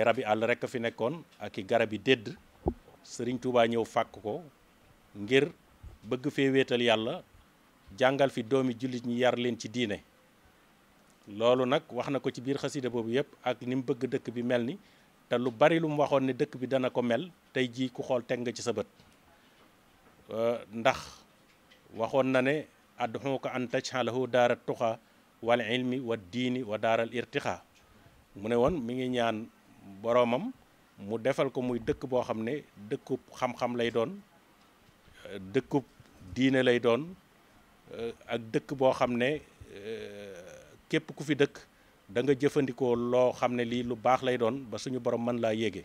ay rabi àll rek fi nekkoon ak i garab yi dédd sëriñ Touba ñëw fàkk ko ngir bëgg fee wéetal yàlla jàngal fi doomi jullit ñi yar leen ci diine loolu nag wax na ko ci biir xasida boobu yëpp ak ni mu bëgg dëkk bi mel ni te lu bari lu waxoon ne dëkk bi dana ko mel tey jii ku xool teg nga ci sa bët euh, ndax waxoon na ne adduxuka an tajxalahu daara tuxa wal ilmi wa diini wa daaral irtixa mu ne woon mi ngi ñaan boroomam mu defal ko muy dëkk boo xam ne dëkkub xam-xam lay doon dëkkub diine lay doon ak dëkk boo xam ne eh, képp ku fi dëkk danga jëfandikoo loo xam ne lii lu baax lay doon ba suñu borom man laa yéege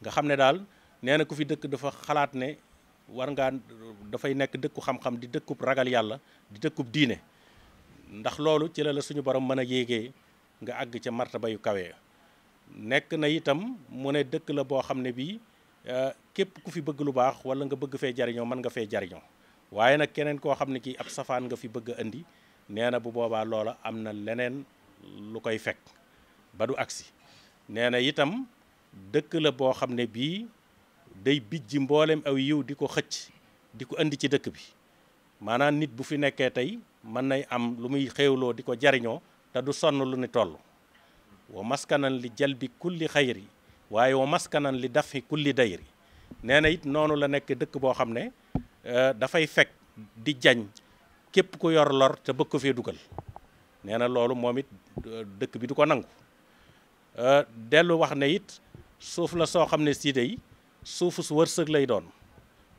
nga xam ne daal nee na ku fi dëkk dafa xalaat ne war ngaa dafay nekk dëkku xam-xam di dëkkub ragal yàlla di dëkkub diine ndax loolu ci la la suñu borom mën a yéegee nga àgg ca martaba yu kawe. nekk na itam mu ne dëkk la boo xam ne bii euh, képp ku fi bëgg lu baax wala nga bëgg fee jariñoo mën nga fee jariñoo waaye nag keneen koo xam ne kii ab safaan nga fi bëgg a indi nee na bu boobaa loola am na leneen lu koy fekk ba du agsi nee na itam dëkk la boo xam ne bii day bijji mboolem aw yiw di ko xëcc di ko indi ci dëkk bi maanaam nit bu fi nekkee tey mën nay am lu muy xéewloo di ko jariñoo te du sonn lu ne toll wa maskanan li jalbi kulli xayri waaye wa maskanan li dafi kulli dayri nee na it noonu la nekk dëkk boo xam ne euh, dafay fekk di jañ képp ku yor lor te bëgg ko fee dugal nee na loolu moom it euh, dëkk bi du ko nangu euh, dellu wax ne it suuf la soo xam ne siide yi suufu su wërsëg lay doon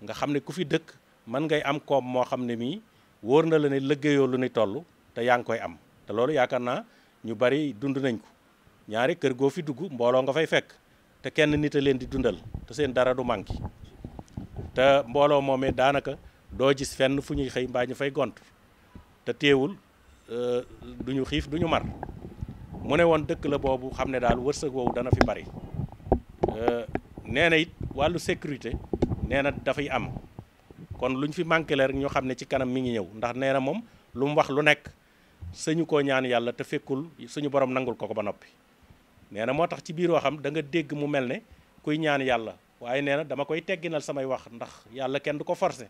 nga xam ne ku fi dëkk man ngay am koom moo xam ne mii wóor na la ne liggéeyoo lu ne toll te yaa ngi koy am te loolu yaakaar naa ñu bari dund nañ ko ñaari kër goo fi dugg mbooloo nga fay fekk te kenn nit a leen di dundal te seen dara du manqué te mbooloo moomee daanaka doo jis fenn fu ñuy xëy mbaa ñu fay gont te teewul euh, du ñu xiif duñu ñu mar mu ne woon dëkk la boobu xam ne daal wërsëg woowu dana fi bari euh, nee na it wàllu sécurité nee na dafay am kon lu ñu fi manqué leer ñoo xam ne ci kanam mi ngi ñëw ndax nee na moom lu mu wax lu nekk sëñu koo ñaan yàlla te fekkul suñu borom nangul ko ko ba noppi nee na moo tax ci biir xam da nga dégg mu mel ne kuy ñaan yàlla waaye nee na dama koy tegginal samay wax ndax yàlla kenn du ko forcer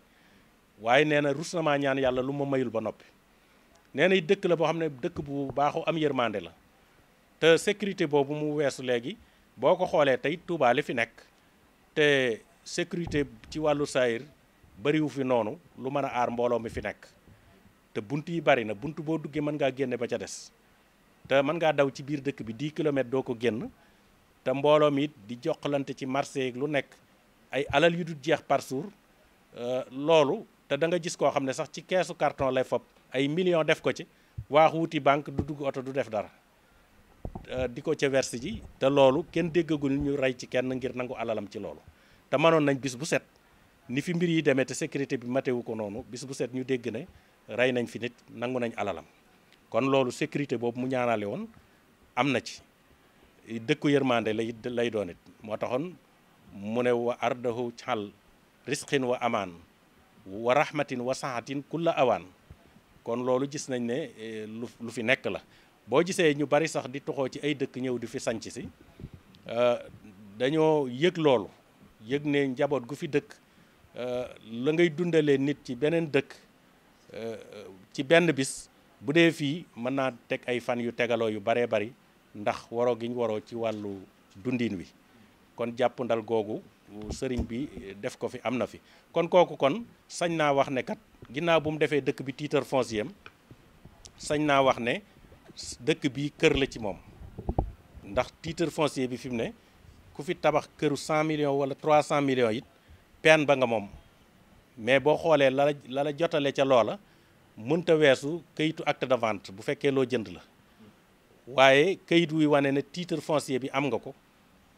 waaye nee na rus na maa ñaan yàlla lu ma mayul ba noppi nee na dëkk la boo xam ne dëkk bu baaxu am yërmande la te sécurité boobu mu weesu léegi boo ko xoolee tey Touba li fi nekk te sécurité ci wàllu saayir bariwu fi noonu lu mën a aar mbooloo mi fi nekk te bunt yi bari na bunt boo duggee mën ngaa génne ba ca des te mën ngaa daw ci biir dëkk bi 10 kilomètres doo ko génn te mbooloo mi it di jokkalante ci marché yeeg lu nekk ay alal yu du jeex par jour euh, loolu te da nga gis koo xam ne sax ci keesu carton lay fob ay millions def ko ci waaxu wuti banque du dugg oto du def dara euh, di ko ca verse ji te loolu kenn déggagul ñu rey ci kenn ngir nangu alalam ci loolu te manoon nañ bis bu set ni fi mbir yi demee te sécurité bi matewu ko noonu bis bu set ñu dégg ne rey nañ fi nit nangu nañ alalam kon loolu sécurité boobu mu ñaanale woon am na ci dëkku yërmande lay lay doon it moo taxoon mu ne wa ardahu xal risqin wa amaan wa rahmatin wa saxatin kulla awaan kon loolu gis nañ ne eh, lu lu fi nekk la boo gisee ñu bari sax di toxoo ci ay dëkk ñëw di fi sanc si eh, dañoo yëg loolu yëg ne njaboot gu fi dëkk eh, la ngay dundalee nit ci beneen dëkk ci benn bis bu dee fii mën naa teg ay fan yu tegaloo yu baree bari ndax waroo giñ waroo ci wàllu dundin wi kon jàpp ndal googu sëriñ bi def ko fi am na fi kon kooku kon sañ naa wax ne kat ginnaaw bu mu defee dëkk bi titre foncier sañ naa wax ne dëkk bi kër la ci moom ndax titre foncier bi fi mu ne ku fi tabax këru 100 millions wala 300 millions it peen ba nga moom mais boo xoolee la la jotale ca loola mënta weesu kayitu acte de vente bu fekkee loo jënd la waaye kayit wuy wane ne titre foncier bi am nga ko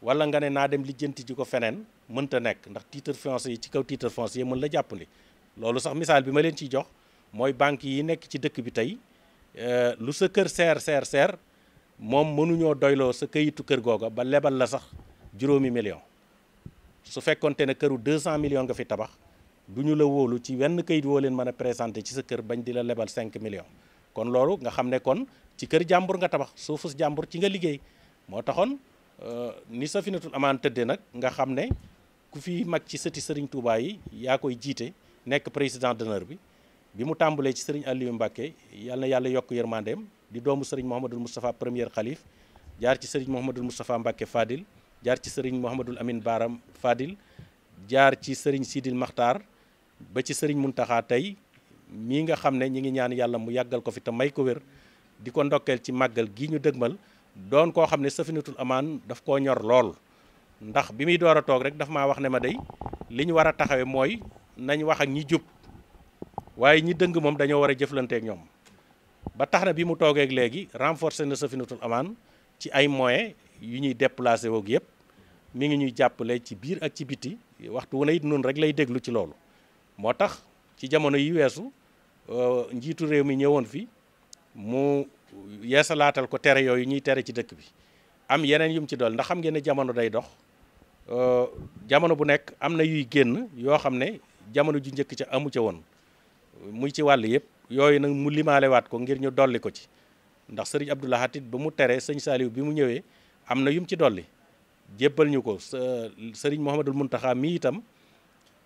wala nga ne naa dem lijjanti ji ko feneen mënta nekk ndax titre foncier yi ci kaw titre yi mën la jàppandi loolu sax misaal bi ma leen ciy jox mooy banque yi nekk ci dëkk bi tey euh, lu sa kër seer seer seer moom mënuñoo doyloo sa kayitu kër googa ba lebal la sax juróomi million su fekkonte ne këru 200 million nga fi tabax du ñu la wóolu ci wenn kayit woo leen mën a présenté ci sa kër bañ di la lebal 5 millions kon loolu nga xam ne kon ci kër jàmbur nga tabax suufus jàmbur ci nga liggéey moo taxoon euh, ni Safinatul Amaan tëddee nag nga xam ne ku fi mag ci sëti Serigne Touba yi yaa koy jiite nekk président d'honneur bi bi mu tàmbalee ci Serigne Aliou Mbacké yal na yàlla yokk yërmandeem di doomu Serigne Mouhamadul Moustapha première xalif jaar ci Serigne Mouhamadul Moustapha Mbacké Fadil jaar ci Serigne Mouhamadul Amin Baram Fadil jaar ci Serigne Sidil Makhtar ba ci sëriñ Muntaxa tey mii nga xam ne ñi ngi ñaan yàlla mu yàggal ko fi te may ko wér di ko ndokkeel ci màggal gi ñu dëgmal doon koo xam ne sëfinatul amaan daf koo ñor lool ndax bi muy door a toog rek daf maa wax ne ma day li ñu war a taxawee mooy nañ wax ak ñi jub waaye ñi dëng moom dañoo war a jëflanteek ñoom ba tax na bi mu toogeek léegi renforcer na sëfinatul amaan ci ay moyens yu ñuy déplacé woog yëpp mi ngi ñuy jàppale ci biir ak ci biti waxtu wu it noonu rek lay déglu ci loolu moo tax ci jamono yi weesu euh, njiitu réew mi ñëwoon fi mu yeesalaatal ko tere yooyu ñuy tere ci dëkk bi am yeneen yum ci dool ndax xam ngeen ne jamono day dox euh, jamono bu nekk am na yuy génn yoo xam ne jamono ju njëkk ca amu ca woon muy ci wàll yëpp yooyu nag mu waat ko ngir ñu dolli ko ci ndax sëriñ Abdou Lahad ba mu teree sëñ Saaliw bi mu ñëwee am na yum ci dolli jébbal ñu ko sëriñ Mouhamadul Muntaxa mi itam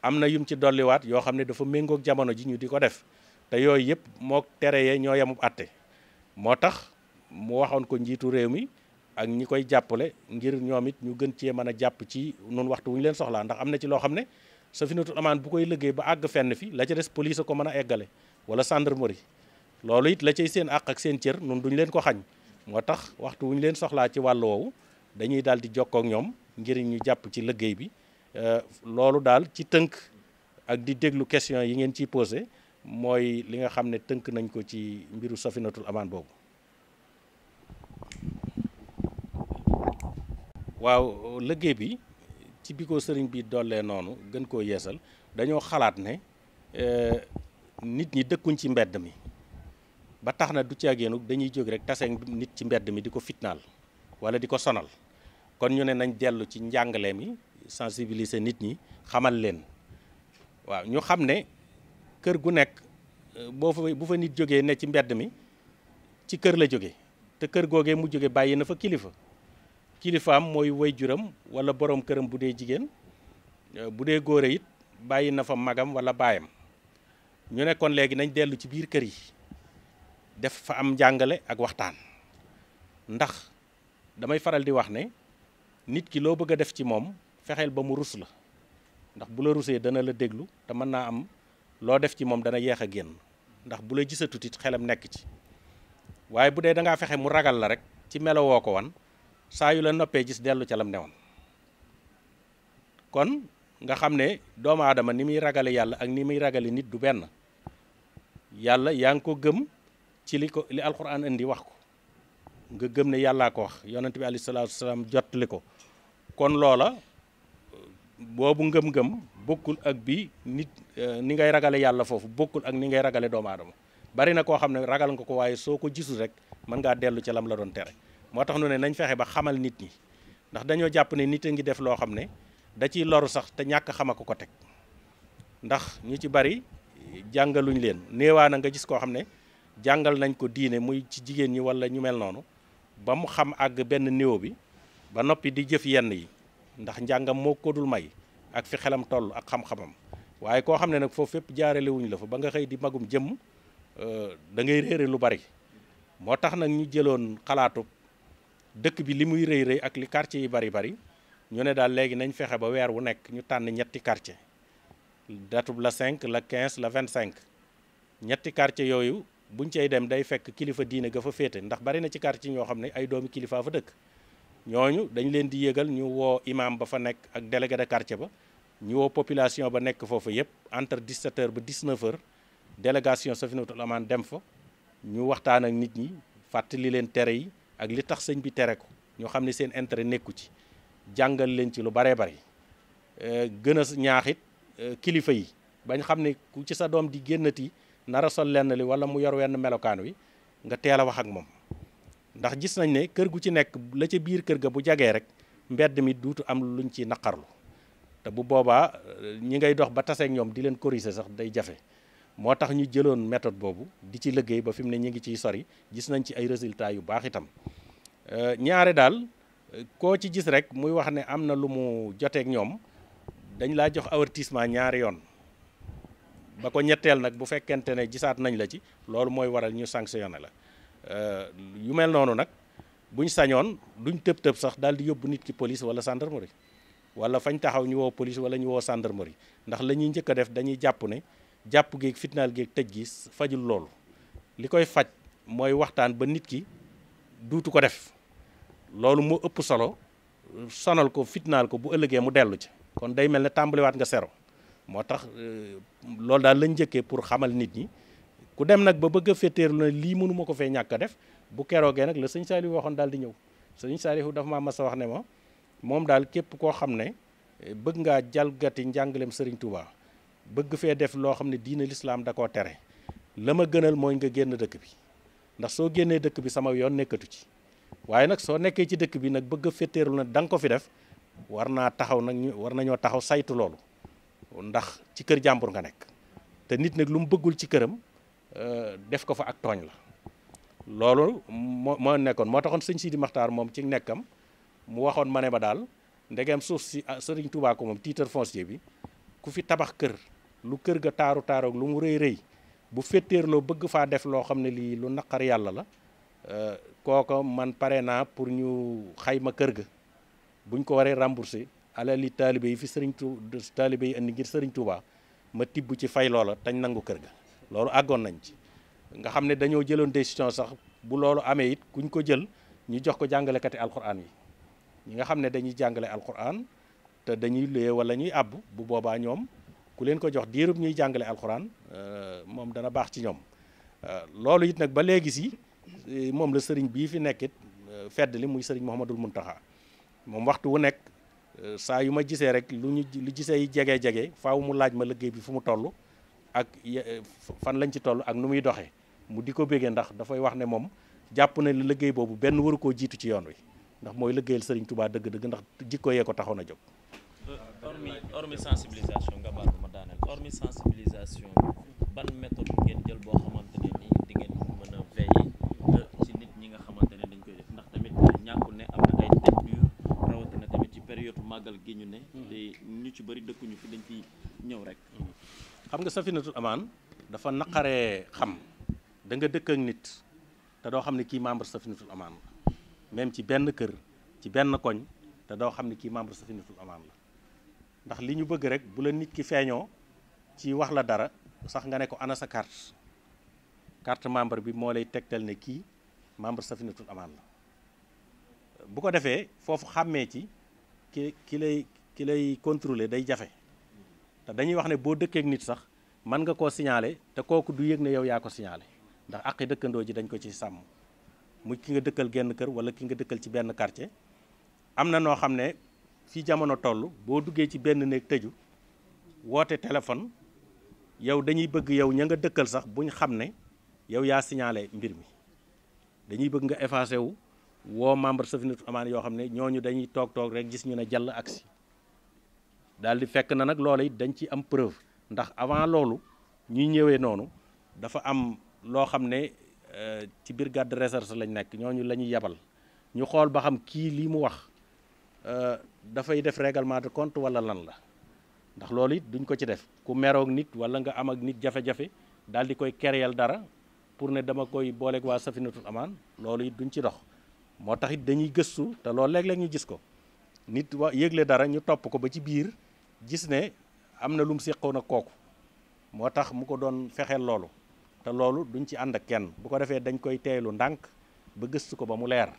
am na yum ci dolliwaat yoo xam ne dafa méngook jamono ji ñu di ko def te yooyu yëpp moo tere yee ñoo yemub atte moo tax mu waxoon ko njiitu réew mi ak ñi koy jàppale ngir ñoom it ñu gën cee mën a jàpp ci noonu waxtu ñu leen soxlaa ndax na ci loo xam ne Safinatul Amaan bu koy liggéey ba àgg fenn fi la ca des police ko mën a eggale wala gendarmerie loolu it la cay seen àq ak seen cër nun duñ leen ko xañ moo tax waxtu wu ñu leen soxlaa ci wàll woowu dañuy daal di jokkoo ak ñoom ngir ñu jàpp ci liggéey bi Euh, loolu daal ci tënk ak di déglu question yi ngeen ciy posé mooy li nga xam ne tënk nañ ko ci mbiru Safinatul Amaan boobu waaw liggéey bi ci bi ko sëriñ bi dollee noonu gën koo yeesal dañoo xalaat ne euh, nit ñi dëkkuñ ci mbedd mi ba tax na du ci agéenu dañuy jóg rek tase nit ci mbedd mi di ko fitnaal wala di ko sonal kon ñu ne nañ dellu ci njàngale mi sensibiliser nit ñi xamal leen waaw ñu xam ne kër gu nekk euh, boo fa bu fa nit jógee ne ci mbedd mi ci kër la jóge te kër googee mu jóge bàyyi na fa kilifa kilifaam mooy way juram wala borom këram bu dee jigéen euh, bu dee góore it bàyyi na fa magam wala baayam ñu nekkoon léegi nañ dellu ci biir kër yi def fa am njàngale ak waxtaan ndax damay faral di wax ne nit ki loo bëgg a def ci moom fexeel ba mu rus la ndax bu la rusee dana la déglu te mën naa am loo def ci moom dana yeex a génn ndax bu la gisatut it xelam nekk ci waaye bu dee da fexe mu ragal la rek ci melo ko wan saa yu la noppee gis dellu ca lam newoon kon nga xam ne doomu aadama ni muy ragale yàlla ak ni muy ragale nit du benn yàlla yaa ngi ko gëm ci li ko li alquran indi wax ko nga gëm ne yàllaa ko wax yonent bi alayhi salaatu wasalaam jottali ko kon loola boobu ngëm-ngëm bokkul ak bi nit euh, ni ngay ragale yàlla foofu bokkul ak ni ngay ragale doomu aadama bari na koo xam ne ragal nga ko waaye soo ko gisul rek mën ngaa dellu ca lam la doon tere moo tax nu ne nañ fexe ba xamal nit ñi ndax dañoo jàpp ne nit a ngi def loo xam ne da ciy loru sax te ñàkk xama ko ko teg ndax ñu ci bari jàngaluñ leen néewaa a nga gis koo xam ne jàngal nañ ko diine muy ci jigéen ñi wala ñu mel noonu ba mu xam àgg benn néew bi ba noppi di jëf yenn yi ndax njàngam moo ko may ak fi xelam toll ak xam-xamam waaye koo xam ne nag foofu fépp jaarale la fa ba nga xëy di magum jëmm euh, da ngay réere lu bari moo tax nag ñu jëloon xalaatu dëkk bi li muy rëy rëy ak li quartier yi bari bari ñu ne daal léegi nañ fexe ba weer wu nekk ñu tànn ñetti quartier datub la cinq la 15 la cinq ñetti quartier yooyu buñ cay dem day fekk kilifa diine ga fa féete ndax bari na ci quartier ñoo xam ne ay doomi kilifaa fa dëkk ñooñu dañ leen di yëgal ñu woo imaam ba fa nekk ak délégué de ba ñu woo population ba nekk foofu yëpp entre 17h ba 19h délégation Safinatul Amaan dem fa ñu waxtaan ak nit ñi fàttali leen tere yi ak li tax sëñ bi tere ko ñoo xam ne seen intérêt nekku ci jàngal leen ci lu baree bari euh, gën a ñaaxit euh, kilifa yi bañ xam ne ku ci sa doom di génnati nara sol lenn li wala mu yor wenn melokaan wi nga teel a wax ak moom ndax gis nañ ne kër gu ci nekk la ca biir kër ga bu jagee rek mbedd mi duutu am luñ ci naqarlu te bu boobaa euh, ñi ngay dox ba taseeg ñoom di leen corriger sax day jafe moo tax ñu jëloon méthode boobu di ci liggéey ba fi mu ne ñu ngi ciy sori gis nañ ci ay résultat yu baax itam euh, ñaare daal euh, koo ci gis rek muy wax ne am na lu mu joteeg ñoom dañ laa jox avertissement ñaari yoon ba ko ñetteel nag bu fekkente ne gisaat nañ la ci loolu mooy waral ñu sanctionné la Euh, yu mel noonu nag buñ sañoon duñ tëb tëb sax daal di yóbbu nit ki police wala gendarmerie wala fañ taxaw ñu woo police wala ñu woo gendarmerie ndax lañuy ñuy njëkk a def dañuy jàpp ne jàpp geeg fitnaal géeg tëj gi fajul loolu li koy faj mooy waxtaan ba nit ki duutu ko def loolu moo ëpp solo sonal ko fitnaal ko bu ëllëgee mu dellu ci kon day mel ne tàmbaliwaat nga sero moo tax euh, loolu daal lañ njëkkee pour xamal nit ñi ku dem nag ba bëgg a na lii mënuma ko fee ñàkk a def bu keroogee nag la sëñ Saliou waxoon daal di ñëw sëñ Saliou dafa maa mas a wax ne ma moom daal képp koo xam ne eh, bëgg ngaa jalgati njàngaleem sëriñ Touba bëgg fee def loo xam ne diine lislaam da koo tere la ma gënal mooy nga génn dëkk bi ndax soo génnee dëkk bi sama yoon nekkatu ci waaye nag soo nekkee ci dëkk bi nag bëgg a nag da nga ko fi def war naa taxaw nag ñu war nañoo taxaw saytu loolu ndax ci kër jàmbur nga nekk te nit nag lu mu bëggul ci këram Euh, def ko fa ak tooñ la loolu moo moo nekkoon moo taxoon sëñ Sidi Maxtaar moom ci nekkam mu waxoon ma ne ma daal ndegeem suuf si ah, sëriñ Tuubaa ko moom titre foncier bi ku fi tabax kër lu kër ga taaru taaroog lu mu rëy rëy bu fetteerloo bëgg faa def loo xam ne lii lu naqar yàlla la euh, kooko man pare naa pour ñu xayma kër ga buñ ko waree remboursé alali taalibe yi fi sëriñ tu taalibe yi indi ngir sëriñ Tuubaa ma tibb ci fay loola tañ nangu kër ga loolu àggoon nañ ci nga xam ne dañoo jëloon décision sax bu loolu amee it kuñ ko jël ñu jox ko jàngalekati alquran yi ñi nga xam ne dañuy jàngale alquran te dañuy luye wala ñuy àbb bu boobaa ñoom ku leen ko jox diirub ñuy jàngale alquran euh, moom dana baax ci ñoom euh, loolu it nag ba léegi si euh, moom la sëriñ bii fi nekkit fedd li muy sëriñ Mouhamadul Muntaxa moom waxtu wu nekk saa yu ma gisee rek lu ñu lu gisee yi jege jege faaw mu laaj ma liggéey bi fu mu toll ak eh, fan lañ ci toll ak nu muy doxee mu di ko béggee ndax dafay wax ne moom jàpp na la liggéey boobu benn waru koo jiitu ci yoon wi ndax mooy liggéeyal Serigne Touba dëgg-dëgg ndax jikko yee ko taxoon a jóg. Euh, hormis hormis sensibilisation nga baal ma daaneel hormis safinatul amaan dafa naqare xam da nga dëkk nit te doo xam ne kii membre safinatul amaan la même ci benn kër ci benn koñ te doo xam ne kii membre safinatul amaan la ndax li ñu bëgg rek bu la nit ki feeñoo ci wax la dara sax nga ne ko ana sa carte carte membre bi moo lay tegtal ne kii membre safinatul amaan la bu ko defee foofu xàmmee ci ki ki lay ki lay contrôler day jafe te dañuy wax ne boo dëkkeek nit sax mën nga koo signalé te kooku du yëg na yow yaa ko signalé ndax àqi dëkkandoo ji dañ ko ci sàmm mu ki nga dëkkal genn kër wala ki nga dëkkal ci benn quartier am na noo xam ne fii jamono toll boo duggee ci benn néeg tëju woote téléphone yow dañuy bëgg yow ña nga dëkkal sax buñ xam ne yow yaa signalé mbir mi dañuy bëgg nga effacé wu woo membre Safinatoul Amane yoo xam ne ñooñu dañuy toog toog rek gis ñu ne jàll agsi daal di fekk na nag loola it dañ ci am preuve ndax avant loolu ñuy ñëwee noonu dafa am loo xam ne euh, ci biir garde recherche lañ nekk ñooñu la ñuy yebal ñu xool ba xam kii lii mu wax euh, dafay def règlement de compte wala lan la ndax loolu it duñ ko ci def ku meroog nit wala nga am ak nit jafe-jafe daal di koy kereyal dara pour ne dama koy booleeg waa safinatul amaan loolu it duñ ci dox moo tax it dañuy gëstu te loolu léeg-léeg ñu gis ko nit wa yëgle dara ñu topp ko ba ci biir gis ne am na lu mu séqoon ak kooku moo tax mu ko doon fexeel loolu te loolu duñ ci ànd ak kenn bu ko defee dañ koy teeylu ndànk ba gëstu ko ba mu leer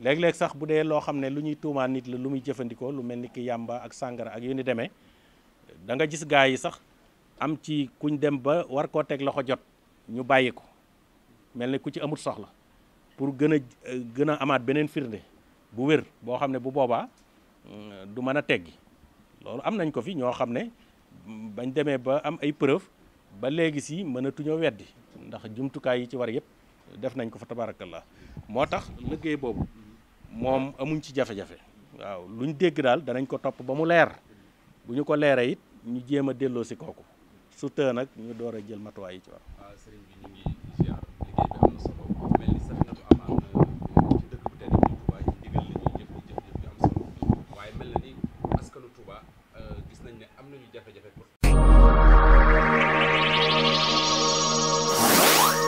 léeg-léeg sax bu dee loo xam ne lu ñuy tuumaa nit la lu muy jëfandikoo lu mel ni ki yàmba ak sàngara ak yu ni demee da nga gis gaa yi sax am ci kuñ dem ba war koo teg loxo jot ñu bàyyi ko mel ni ku ci amut soxla pour gën a gën a amaat beneen firnde bu wér boo xam ne bu boobaa mm, du mën a teggi loolu am nañ ko fi ñoo xam ne bañ demee ba am ay preuve ba léegi si mënatuñoo weddi ndax jumtukaay yi ci war yëpp def nañ ko fa tabarakallah moo tax liggéey boobu moom amuñ ci jafe-jafe waaw luñ dégg daal danañ ko topp ba mu leer bu ñu ko leeree it ñu jéem a delloo si kooku su tee nag ñu door a jël matuwaay yi ci war.